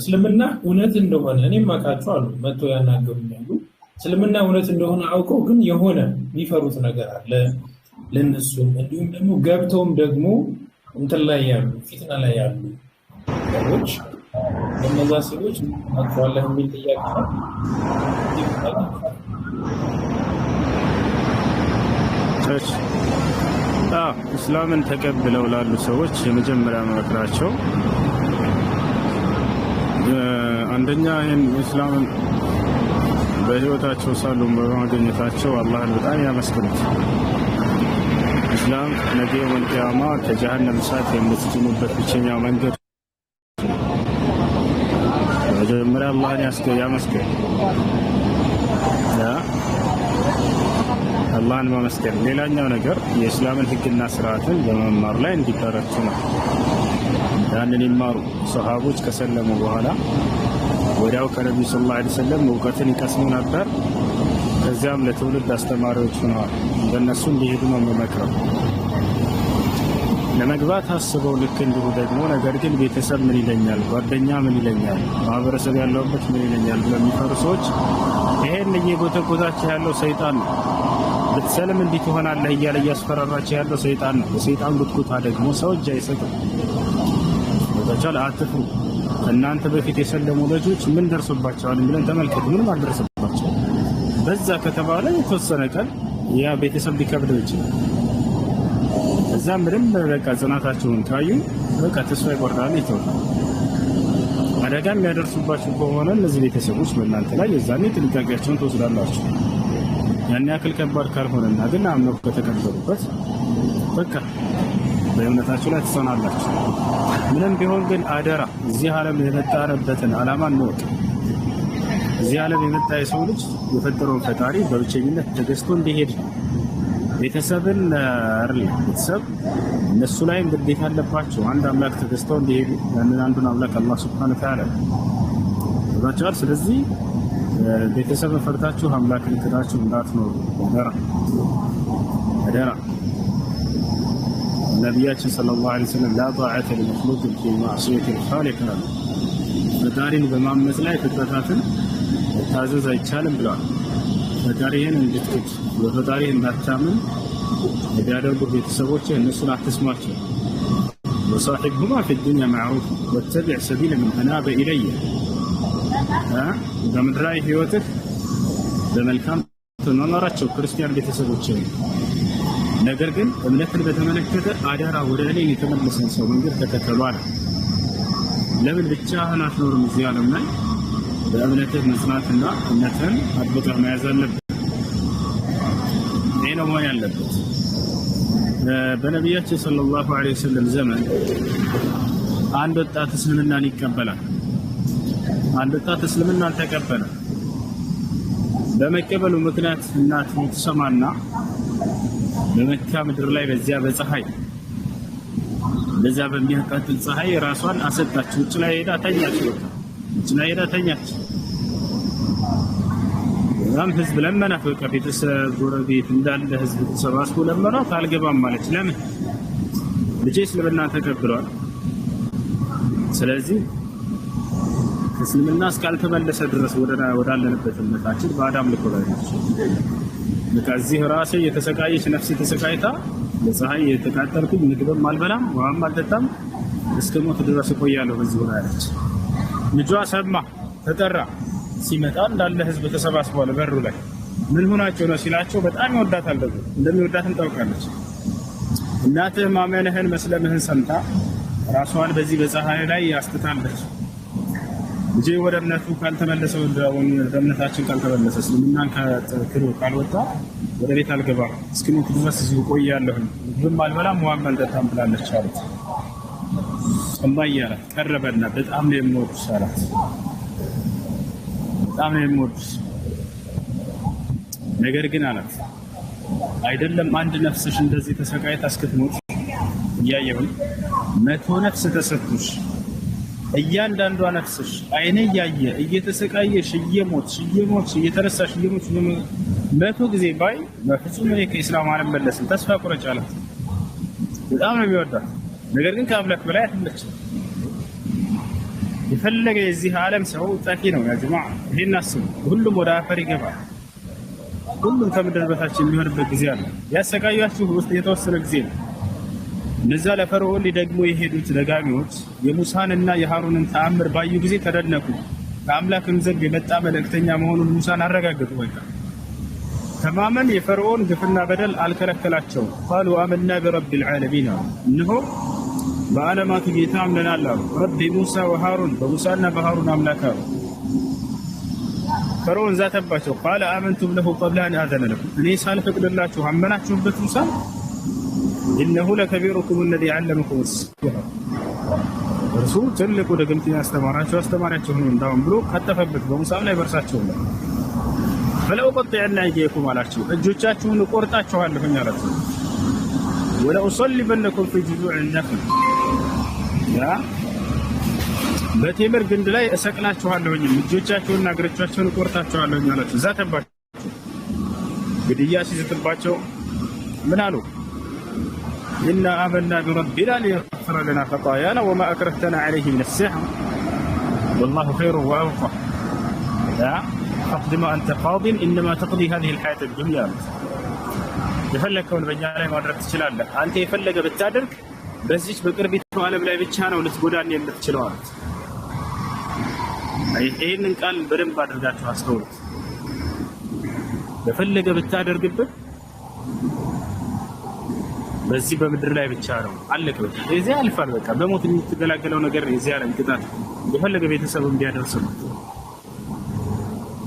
እስልምና እውነት እንደሆነ እኔም አውቃቸው አሉ መጥተው ያናገሩኛሉ። እስልምና እውነት እንደሆነ አውቀው ግን የሆነ የሚፈሩት ነገር አለ ለነሱም፣ እንዲሁም ደግሞ ገብተውም ደግሞ እንትን ላይ ያሉ ፊትና ላይ ያሉ ሰዎች ለነዛ ሰዎች አቸዋለህ የሚል ጥያቄ ነው። እስላምን ተቀብለው ላሉ ሰዎች የመጀመሪያ መክራቸው አንደኛ ይህን ኢስላምን በህይወታቸው ሳሉ በማገኘታቸው አላህን በጣም ያመስግኑት። ኢስላም ነገ ወልቅያማ ከጀሀነም እሳት የምትድኑበት ብቸኛ መንገድ መጀመሪያ አላህን ያመስግን። አላህን ማመስገን። ሌላኛው ነገር የእስላምን ህግና ስርዓትን በመማር ላይ እንዲበረቱ ነው። ያንን ይማሩ። ሰሃቦች ከሰለሙ በኋላ ወዲያው ከነቢዩ ስለ ላ ወሰለም እውቀትን ይቀስሙ ነበር። ከዚያም ለትውልድ አስተማሪዎች ሆነዋል። በእነሱ እንዲሄዱ ነው የሚመክረው። ለመግባት አስበው ልክ እንዲሁ ደግሞ ነገር ግን ቤተሰብ ምን ይለኛል፣ ጓደኛ ምን ይለኛል፣ ማህበረሰብ ያለውበት ምን ይለኛል ብለው የሚፈሩ ሰዎች ይሄን እየጎተጎታቸው ያለው ሰይጣን ነው። ብትሰልም እንዲህ ትሆናለህ እያለ እያስፈራራቸው ያለው ሰይጣን ነው። ሰይጣን ጉትጉታ ደግሞ ሰው እጅ አይሰጥም። ቦታቻል አትፍሩ። እናንተ በፊት የሰለሙ ልጆች ምን ደርሶባቸዋል ብለን ተመልከቱ። ምንም አልደረሰባቸው። በዛ ከተባለ የተወሰነ ቀን ያ ቤተሰብ ሊከብደው ይችላል። እዛ ምንም በቃ ጽናታቸውን ካዩ በቃ ተስፋ ይቆርጣል፣ ይተውታል። አደጋ የሚያደርሱባቸው ከሆነ እነዚህ ቤተሰቦች በእናንተ ላይ የዛኔ ጥንቃቄያቸውን ትወስዳላችሁ። ያን ያክል ከባድ ካልሆነና ግን አምነው ከተቀበሉበት በቃ በእምነታችሁ ላይ ትጸናላችሁ። ምንም ቢሆን ግን አደራ እዚህ ዓለም የመጣንበትን ዓላማ እንወቅ። እዚህ ዓለም የመጣ የሰው ልጅ የፈጠረውን ፈጣሪ በብቸኝነት ተገዝቶ እንዲሄድ ቤተሰብን ር ቤተሰብ እነሱ ላይም ግዴታ አለባቸው። አንድ አምላክ ተገዝተው እንዲሄዱ ያንን አንዱን አምላክ አላህ ሱብሓነሁ ወተዓላ ይላቸዋል። ስለዚህ ቤተሰብ ፈርታችሁ አምላክ ልትታችሁ እንዳትኖሩ ደራ ደራ ነቢያችን ሰለላሁ ዐለይሂ ወሰለም ላ ጣዓተ ሊመክሉቅ ፊ ማዕሲየት ልኻሊቅ አሉ። ፈጣሪን በማመፅ ላይ ፍጥረታትን መታዘዝ አይቻልም ብለዋል። ፈጣሪህን እንድትክድ በፈጣሪህ እንዳታምን የሚያደርጉ ቤተሰቦች እነሱን አትስሟቸው። ወሳሒብሁማ ፊ ዱንያ ማዕሩፍ ወተቢዕ ሰቢለ ምን አናበ ኢለየ በምድራዊ ህይወትህ በመልካም መኖራቸው ክርስቲያን ቤተሰቦች ነገር ግን እምነትን በተመለከተ አደራ ወደ እኔ የተመለሰን ሰው መንገድ ተከተሏል። ለምን ለምን ብቻህን አትኖርም? እዚህ ዓለም ላይ በእምነትህ መጽናትና እምነትህን አጥብቀህ መያዝ አለብህ። ይህ ነው መሆን ያለበት። በነቢያችን ሰለላሁ ዐለይሂ ወሰለም ዘመን አንድ ወጣት እስልምናን ይቀበላል። አንድ ወጣት እስልምናን ተቀበለ። በመቀበሉ ምክንያት እናት ትሰማና በመካ ምድር ላይ በዚያ በፀሐይ በዚያ በሚያቃጥል ፀሐይ ራሷን አሰጣች። ውጭ ላይ ሄዳ ተኛች። ውጭ ላይ ሄዳ ተኛች። በጣም ህዝብ ለመናት። በቃ ቤተሰብ፣ ጎረቤት እንዳለ ህዝብ ተሰባስቦ ለመናት። አልገባም ማለች። ለምን ልጄ እስልምናን ተቀብሏል። ስለዚህ እስልምና እስካልተመለሰ ድረስ ወዳለንበት እምነታችን በአዳም ልኮ ላይ ራሴ የተሰቃየች ነፍሴ ተሰቃይታ ለፀሐይ የተቃጠልኩኝ ምግብም አልበላም ውሃም አልጠጣም እስከ ሞት ድረስ እቆያለሁ በዚህ ሆና ያለች። ልጇ ሰማ ተጠራ። ሲመጣ እንዳለ ህዝብ ተሰባስቧል በሩ ላይ ምን ሆናቸው ነው ሲላቸው፣ በጣም ይወዳታል። ደግሞ እንደሚወዳትም ታውቃለች። እናትህ ማመንህን መስለምህን ሰምታ ራሷን በዚህ በፀሐይ ላይ ያስትታለች። ልጄ ወደ እምነቱ ካልተመለሰ ወደ እምነታችን ካልተመለሰ እስልምናን ከክሩ ካልወጣ ወደ ቤት አልገባ እስኪሞት ድረስ እዚሁ እቆያለሁኝ፣ ምግብም አልበላም፣ ውሃም አልጠጣም ብላለች አሉት። እማዬ አላት ቀረበና፣ በጣም ነው የምወዱስ አላት። በጣም ነው የምወዱስ ነገር ግን አላት አይደለም አንድ ነፍስሽ እንደዚህ ተሰቃይታ እስክትሞት እያየሁኝ መቶ ነፍስ ተሰጥቶሽ እያንዳንዷ ነፍስሽ አይነ እያየ እየተሰቃየሽ እየሞትሽ እየሞትሽ እየተረሳሽ እየሞትሽ መቶ ጊዜ ባይ በፍጹም እኔ ከኢስላም አልመለስም ተስፋ ቁረጭ አላት። በጣም ነው የሚወዳት። ነገር ግን ከአምላክ በላይ አትመች። የፈለገ የዚህ ዓለም ሰው ጠፊ ነው። ያጅማ ጀማ አስቡ። ሁሉም ወደ አፈር ይገባል። ሁሉም ከምድር በታች የሚሆንበት ጊዜ አለ። ያሰቃያችሁ ውስጥ የተወሰነ ጊዜ ነው። እነዚያ ለፈርዖን ሊደግሞ የሄዱት ደጋሚዎች የሙሳንና የሃሩንን ተአምር ባዩ ጊዜ ተደነቁ። ከአምላክም ዘንድ የመጣ መልእክተኛ መሆኑን ሙሳን አረጋገጡ። በቃ ተማመን የፈርዖን ግፍና በደል አልከለከላቸው። ቃሉ አመና ቢረቢል ልዓለሚን አሉ። እንሆ በዓለማቱ ጌታ አምነናል አሉ። ረቢ ሙሳ ወሃሩን በሙሳና በሃሩን አምላክ አሉ። ፈርዖን ዛተባቸው። ቃለ አመንቱም ለሁ ቀብለ አን አዘነ ለኩም፣ እኔ ሳልፈቅድላችሁ አመናችሁበት ሙሳ ኢነሁ ለከቢሩኩም አለዚ ዐለመኩም ሲሕራ እርሱ ትልቁ ድግምት ያስተማራቸው አስተማሪያቸው ነው እንዳውም ብሎ ቀጠፈበት በሙሳም ላይ በእርሳቸው ላይ ፈለኡቀጢዐነ አይዲየኩም አላቸው እጆቻችሁን እቆርጣችኋለሁኝ አላቸው። ወለኡሰሊበነኩም ፊ ጁዙዕ ነኽል ያ በቴምር ግንድ ላይ እሰቅላችኋለሁኝ እጆቻችሁንና እግሮቻችሁን እቆርጣችኋለሁኝ አላቸው። ዛተባቸው ግድያ ሲዝትባቸው ምን አሉ? إنا آمنا بربنا ليغفر لنا خطايانا وما أكرهتنا عليه من السحر والله خير وأوفى لا أقض ما أنت قاض إنما تقضي هذه الحياة الدنيا يفلك كون بجانب ما درت شلالة أنت يفلك بالتادر بس إيش بكر بيتوا على بلاي بتشان ونس بودان يندت شلوان أي إيه كان قال برم بادر جات فاسدول يفلك بالتادر قبل በዚህ በምድር ላይ ብቻ ነው። አለቀ። እዚህ ያልፋል። በቃ በሞት የምትገላገለው ነገር የዚህ ዓለም ቅጣት የፈለገ ቤተሰብ እንዲያደርስ ነው።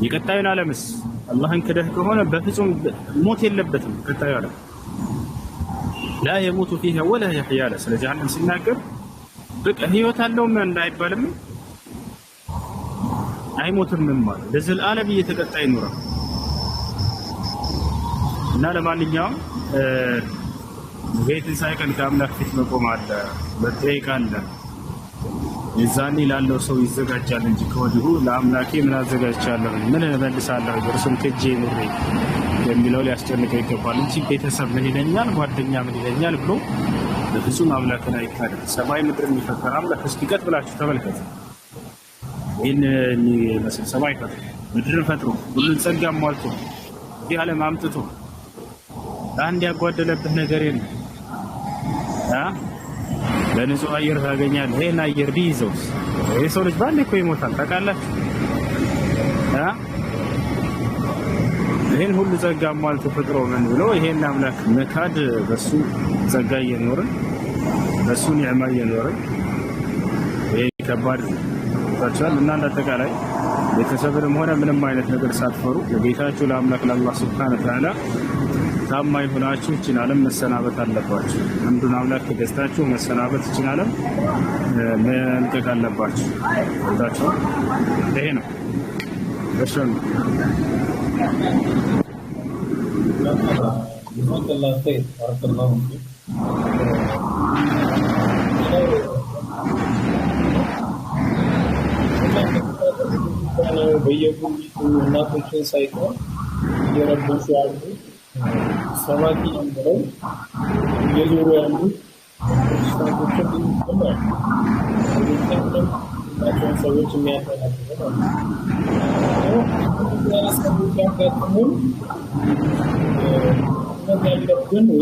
የቀጣዩን ዓለምስ አላህን ክደህ ከሆነ በፍጹም ሞት የለበትም። ቀጣዩ ዓለም ላ የሞቱ ፊሃ ወላ የሕያ ስለ ጀሃነም ሲናገር በቃ ህይወት አለውም እንዳይባልም አይሞትምም ማለት ለዘላለም እየተቀጣ ይኖራል እና ለማንኛውም ቤት ሳይቀን ከአምላክ ፊት መቆም አለ፣ መጠየቅ አለ። የዛኔ ላለው ሰው ይዘጋጃል እንጂ ከወዲሁ ለአምላኬ ምን አዘጋጅቻለሁ፣ ምን እመልሳለሁ፣ እርሱም ክጄ ኑሬ የሚለው ሊያስጨንቀው ይገባል እንጂ ቤተሰብ ምን ይለኛል፣ ጓደኛ ምን ይለኛል ብሎ በፍጹም አምላክን አይካድም። ሰማይ ምድር የሚፈጠር አምላክ እስኪቀጥ ብላችሁ ተመልከቱ ይህን መስል ሰማይ ፈጥሮ ምድርን ፈጥሮ ሁሉን ጸጋ ሟልቶ እንዲህ ዓለም አምጥቶ አንድ ያጓደለብህ ነገር የለም። ለንጹህ አየር ታገኛል። ይሄን አየር ቢይዘውስ? ሰው ልጅ ባንዴ እኮ ይሞታል ታውቃላችሁ። ይህን ሁሉ ጸጋ ሟልቶ ፈጥሮ ምን ብሎ ይሄን አምላክ መካድ፣ በሱ ጸጋ እየኖርን በሱ ኒዕማ እየኖርን ይሄ ከባድ ታቻል እና እንዳጠቃላይ ቤተሰብንም ሆነ ምንም አይነት ነገር ሳትፈሩ ለጌታችሁ ለአምላክ ለአላህ ሱብሓነሁ ወተዓላ ታማኝ ሆናችሁ እችን ዓለም መሰናበት አለባችሁ። አንዱን አምላክ ገዝታችሁ መሰናበት እችን ዓለም መልቀቅ አለባችሁ። ወዳችሁ ይሄ ነው በሽን በየጉ እናቶችን ሳይሆን የረቦች ያሉ ሰባኪ ጀምረው እየዞሩ ያሉት ሰዎች የሚያስተናግደው ሰዎች ያለብን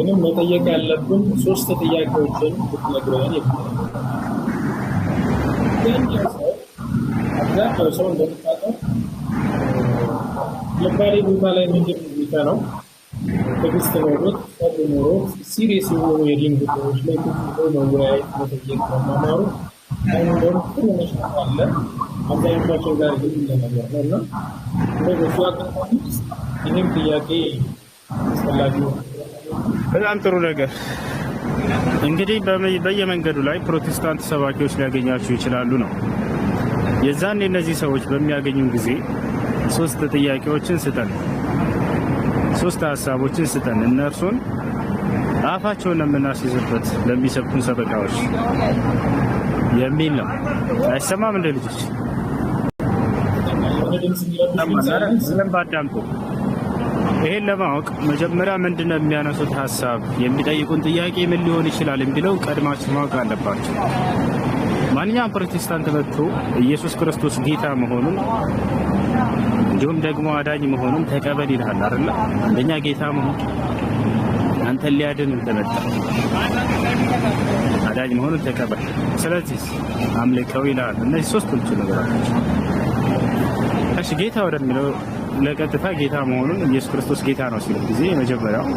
ወይም መጠየቅ ያለብን ሶስት ጥያቄዎችን ብትነግረን ይባላል። አብዛኛው ሰው አብዛኛው እንደምታውቀው የባሌ ቦታ ላይ ምግብ የሚቀነው ትዕግስት ኖሮት ሲሪየስ የሆኑ የዲን ጉዳዮች ላይ መወያየት መጠየቅ አለ። አብዛኞቻቸው ጋር ግን ለነገር ነው እና እንደ በሱ ይህም ጥያቄ አስፈላጊ በጣም ጥሩ ነገር እንግዲህ በየመንገዱ ላይ ፕሮቴስታንት ሰባኪዎች ሊያገኛችሁ ይችላሉ ነው። የዛን እነዚህ ሰዎች በሚያገኙ ጊዜ ሶስት ጥያቄዎችን ስጠን ሶስት ሀሳቦችን ስጠን፣ እነርሱን አፋቸውን የምናስይዝበት ለሚሰብኩን ሰበቃዎች የሚል ነው። አይሰማም እንደ ልጆች ምንም ባዳምጡ። ይሄን ለማወቅ መጀመሪያ ምንድን ነው የሚያነሱት ሀሳብ፣ የሚጠይቁን ጥያቄ ምን ሊሆን ይችላል የሚለው ቀድማችሁ ማወቅ አለባቸው። ማንኛውም ፕሮቴስታንት መጥቶ ኢየሱስ ክርስቶስ ጌታ መሆኑን እንዲሁም ደግሞ አዳኝ መሆኑን ተቀበል ይልሃል አይደለ? አንደኛ ጌታ መሆን አንተ ሊያድን እንደመጣ አዳኝ መሆኑን ተቀበል። ስለዚህ አምልከው ይላል። እነዚህ ሶስቶቹ ነገራቶች። እሺ ጌታ ወደሚለው ለቀጥታ ጌታ መሆኑን ኢየሱስ ክርስቶስ ጌታ ነው ሲል ጊዜ የመጀመሪያው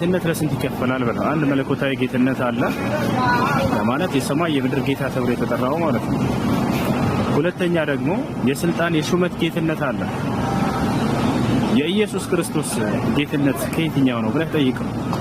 ጌትነት ለስንት ይከፈላል ብለ አንድ መለኮታዊ ጌትነት አለ ለማለት የሰማይ የምድር ጌታ ተብሎ የተጠራው ማለት ነው። ሁለተኛ ደግሞ የስልጣን የሹመት ጌትነት አለ። የኢየሱስ ክርስቶስ ጌትነት ከየትኛው ነው ብለህ ጠይቀው።